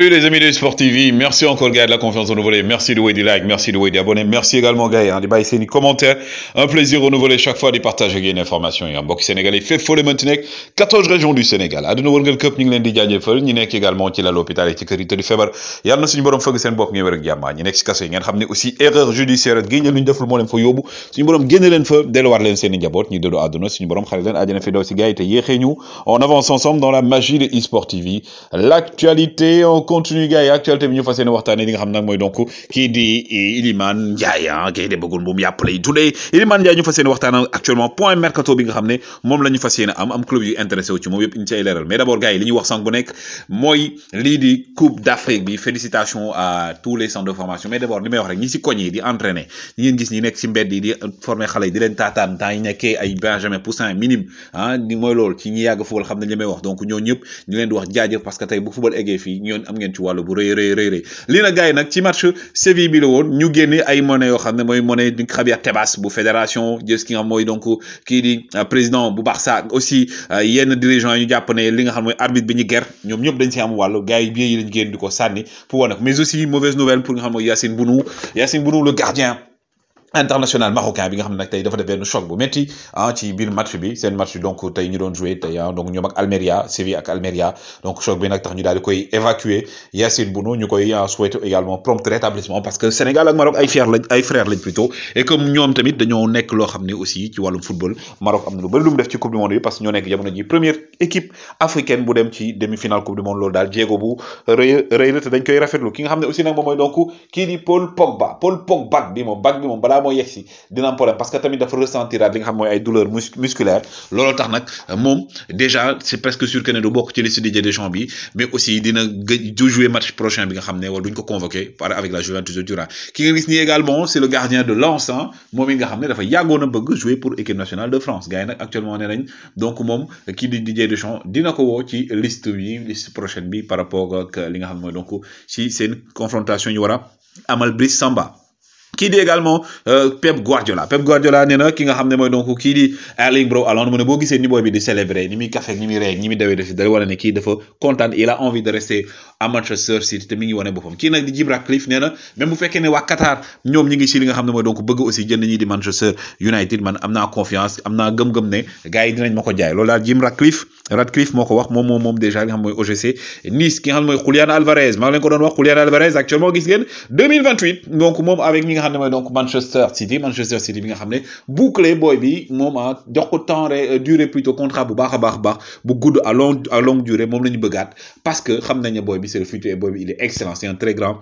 Salut les amis de Sport TV, merci encore gars de la confiance renouvelée, merci de des likes, merci de des abonnés, merci également gars hein, de baisser les commentaires, un plaisir renouvelé chaque fois de partager les informations et un bokk sénégalais fait fo maintenant, 14 régions du Sénégal aduna wërngal këpp ñu ngi leen di jaajëfal ñi nekk également ci l'hôpital et ci kër yi tëdd feebar yàlla na suñu borom fëgg seen bopp ngeen wér ak jàmm ñi nekk ci kaso yi ngeen xam ne aussi erreur judiciaire génne lu ñu deful moo leen fa yóbbu suñu borom génne leen fa delluwaat leen seen i njaboot ñi dëddu àdduna suñu borom xale leen àjjana fi daw si gars yi te yéexee ñu on avance ensemble dans la magie de Sport TV l'actualité en continue gars yi actualité bi ñu fas yéene li nga xam nag mooy donc ki di eh, Iliman Ndiaye ah hein, kii de bëggul moom yàppalay tudee Iliman Ndiaye ñu fas waxtane actuellement point mercato bi nga xamné mom lañu la am am club yu intéressé wu ci mom yépp ñu cay léral mais d'abord abord gars yi li ñuy wax sànq bu nekk mooy lii di coupe d'Afrique bi félicitations à tous les centres de formation mais d'abord abord may wax rek ñi ci koñ di entraîner ñi ngeen gis ñi nek ci mbéd di former xalé yi di leen taataan temps yi nekké ay benjamin poussin minime ah moy lool ci ñi yag football xamné nañ may wax donc ñoo ñëpp ñu leen di wax jaajëf parce que tay bu football égué fi ñoon ngeen ci walu bu rëy rëy rëy rëy lii na gars nag ci match Séville bi la woon ñu génne ay monnaie yoo xam ne mooy monnaie di Javier Tebas bu fédération jës ki nga xam mooy donc kii di euh, président bu Barça aussi euh, yenn dirigeants yi ñu jàpp ne li nga xam mooy arbitre bi ñu ger ñoom ñëpp dañ si am wàllu gars yi biee yi lañ génn di ko sànni pour wane ko mais aussi mauvaise nouvelle pour nga xam mooy Bounou Yacine Bounou le gardien international marocain bi nga xam ne nag dafa def choc bu métti ah, ci biir match bi match donc ñu joué ah, donc ak Almeria Séville Almeria donc choc bi nag tax ñu Yacine Bounou ah, également prompt rétablissement parce que Sénégal ak Maroc ay frères plutôt et que tamit dañoo nekk aussi ci football Maroc lu lu coupe du monde parce que nekk première équipe africaine bu dem ci demi finale coupe du monde aussi donc Paul Pogba Paul Pogba bi bag bi balaa moo yegg si dina am problème parce que tamit dafa ressentir li nga xam mooy ay douleur mus musculaire tax nag moom déjà c'est presque sûr que ne du bokk ci liste Didier Deschamps bi mais aussi dina gëj jouer match prochain bi nga xam ne wala duñ ko convoqué par avec la Juventus de Turin ki nga gis ni également c'est le gardien de Lens hein, moom nga xam ne dafa yàggoon a bëgg jouer pour équipe nationale de France gars yi nag actuellement nee nañ donc moom kii di Didier Deschamps dina ko woo ci liste bi liste prochaine bi par rapport ak li nga xam ne mooy donc si seen confrontation ñu war a amal Brice Samba qui dit également euh, Pep Guardiola Pep Guardiola néna ki nga xamné moy donc ki di Erling Bro Haaland mu ne boo gisee ni boy bi di célébrer ni mi café ni mi ré ni mi dawee def dala wala né ki dafa content il a envie de rester à Manchester City té mi ngi wane bofam ki nak di Djibril Cliff néna même bu fekkee ne wa Qatar ñom ñi ngi ci li nga xamné moy donc bëgg aussi jënd ñi di Manchester United man amna confiance amna gëm-gëm ne gaay yi dinañ mako jaay loolu daal Jim Ratcliffe Radcliffe moo wax mom mom déjà li nga xam moy OGC Nice ki nga xam moy Julian Alvarez ma nga leen ko doon wax Julian Alvarez actuellement gis ngeen 2028 donc mom avec ñi nga donc Manchester City Manchester City bi nga xamné boucler bouclé booy bi moom jox ko temps euh, durée plutôt contrat bu baax baax baax bu gudd à long à longue durée mom lañu ñu bëggaat parce que xam nañ boy bi c'est le futur et bi il est excellent c'est un très grand.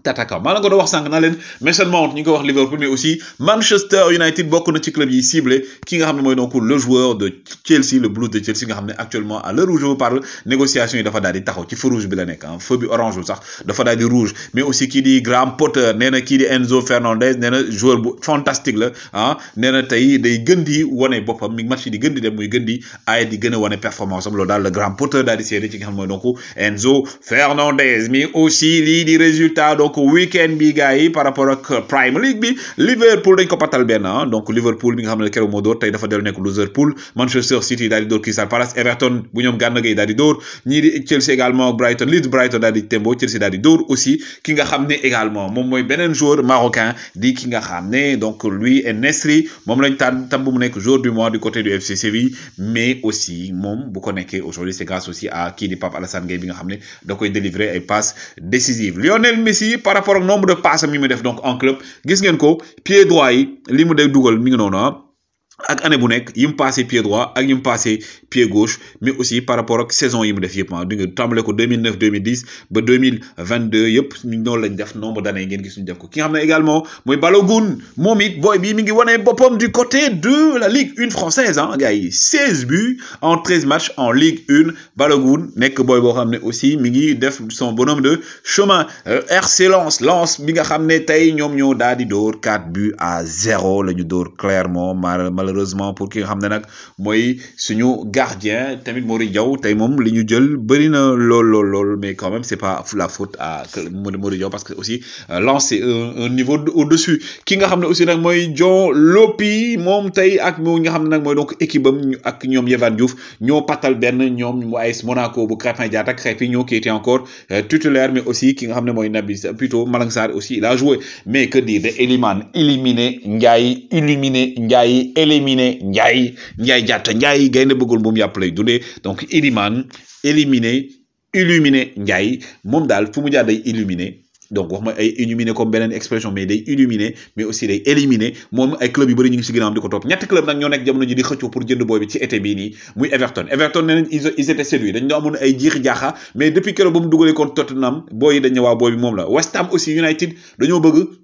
Tata maa la ko doon wax sank na len Mason Mount ñu ko wax Liverpool mais aussi Manchester United bokk na ci club yi ciblé ki nga xam moy donc le joueur de Chelsea le Blues de Chelsea nga xam actuellement à l'heure où je vous parle négociation yi dafa daldi taxaw ci feu rouge bi la nek hein. feu bi orange sax dafa daldi rouge mais aussi qui di grand Potter nee ki di Enzo Fernandez nee joueur bu fantastique la hein nee tay day gën di wane boppam mi match di gën dem muy gën di ay di gën woné performance am lo dal le grand Potter daal di seede ci nga donc Enzo Fernandez mais aussi li di résultat donc week-end bi gars yi par rapport ak euh, Prime League bi Liverpool dañ ko patal benn ah. donc Liverpool bi nga xamné kéro keroog moo dafa del nek Liverpool Manchester City dal di Crystal Palace Everton bu ñoom Gana Gueye di door ñi di Chelsea également Brighton Leeds Brighton dal di tembo Chelsea dal di door aussi ki nga xamné également mom moy benen joueur marocain di ki nga xamné donc lui El Nesri moom lañ Tan tam mu nek joueur du mois du côté du FC Séville mais aussi mom bu ko nekké aujourd'hui c'est grâce aussi à qui di Pape Alassane Gueye bi nga xamné da koy délivrer ay passes décisives Lionel Messi. kii par rapport ak nombre de passes yi mu def donc en club gis ngeen ko pied droit li mu day dugal mi ngi noonu ah. ak année bu nek passé pied droit ak yim passé pied gauche mais aussi par rapport la saison il me def donc ah 2009 2010 ba 2022 il y lañ def nombre d'années ngeen gis ñu def ko ki également Balogun momit Boy bi mi du côté de la Ligue 1 française hein a 16 buts en 13 matchs en Ligue 1 Balogun Nek Boy bo aussi mi ngi def son bonhomme de chemin euh, RC Lance Lens bi nga xamné tay ñom 4 buts à 0 clairement mal malheureusement pour ki nga xam nak moy suñu gardien tamit Mory Diaw tey moom li jël bari na lol lol mais quand même c'est pas la faute à Mory Diaw parce que aussi euh, lancé un niveau au-dessus ki nga xam aussi nak moy John Lopi mom tay ak nga xam nak moy donc équipe am ak ñom Yehvan Diouf ñoo patal ben ñom mu AS Monaco bu Crépin Diatta Crépin qui était encore euh, titulaire mais aussi qui nga xam moy mooy Nabi plutôt Malang aussi il a joué mais que dire de Eliman éliminé Ndiaye éliminé Ndiaye éliminer Ndiaye Ndiaye Diatta Ndiaye gaynde bëggul bu mu yàpp lay donc Iliman éliminer illuminer Ndiaye moom daal fu day illuminer donc wax ma ay comme belle expression mais day illuminé mais aussi day éliminé, moom ay club yu bëri ñu ngi si ginnaawam di ko topp club nag ñoo nekk jamono ji di xëccoo pour jënd Boy, bi ci été bii nii muy Everton Everton nee ils étaient séduits dañ ñoo ay jiixi jaaxa mais depuis keroog ba mu dugalee kon Tottenham Boy yi dañ ne waa bi la West Ham aussi United dañoo bëgg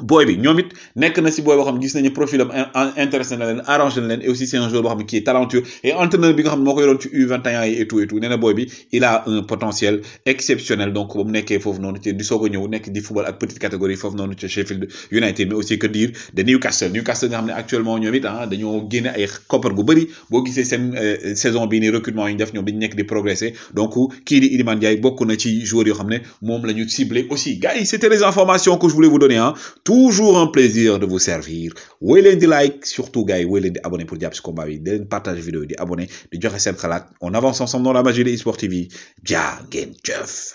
Boy, bi ñoom it nekk na si boy boo xam gis nañu profil am intéressé na leen arrangé na leen et aussi c'est un joueur boo xam ne qui est talentueux et entraîneur bi nga xam ne moo ko yoroon ci U21 et tout et tout nee na bi il a un potentiel exceptionnel donc ba mu nekkee foofu noonu ci di soog a ñëw nekk di football ak petite catégorie foofu noonu ci Sheffield United mais aussi que dire de Newcastle Newcastle nga xam ne actuellement ñoom it ah dañoo génne ay koppar gu bëri boo gisee seen euh, saison bii nii recrutement yi ñu def ñoom dañu nekk di progresser donc kii di Iliman Ndiaye bokk na ci joueur yoo xam ne moom la ñu ciblé aussi gars yi c'était les informations que je voulais vous donner ah toujours un plaisir de vous servir Wélen est like surtout gars wélen woy leen pour jàpp combat de partage vidéo di abonner, di on avance ensemble dans la magie de eSport TV jaa game, chef.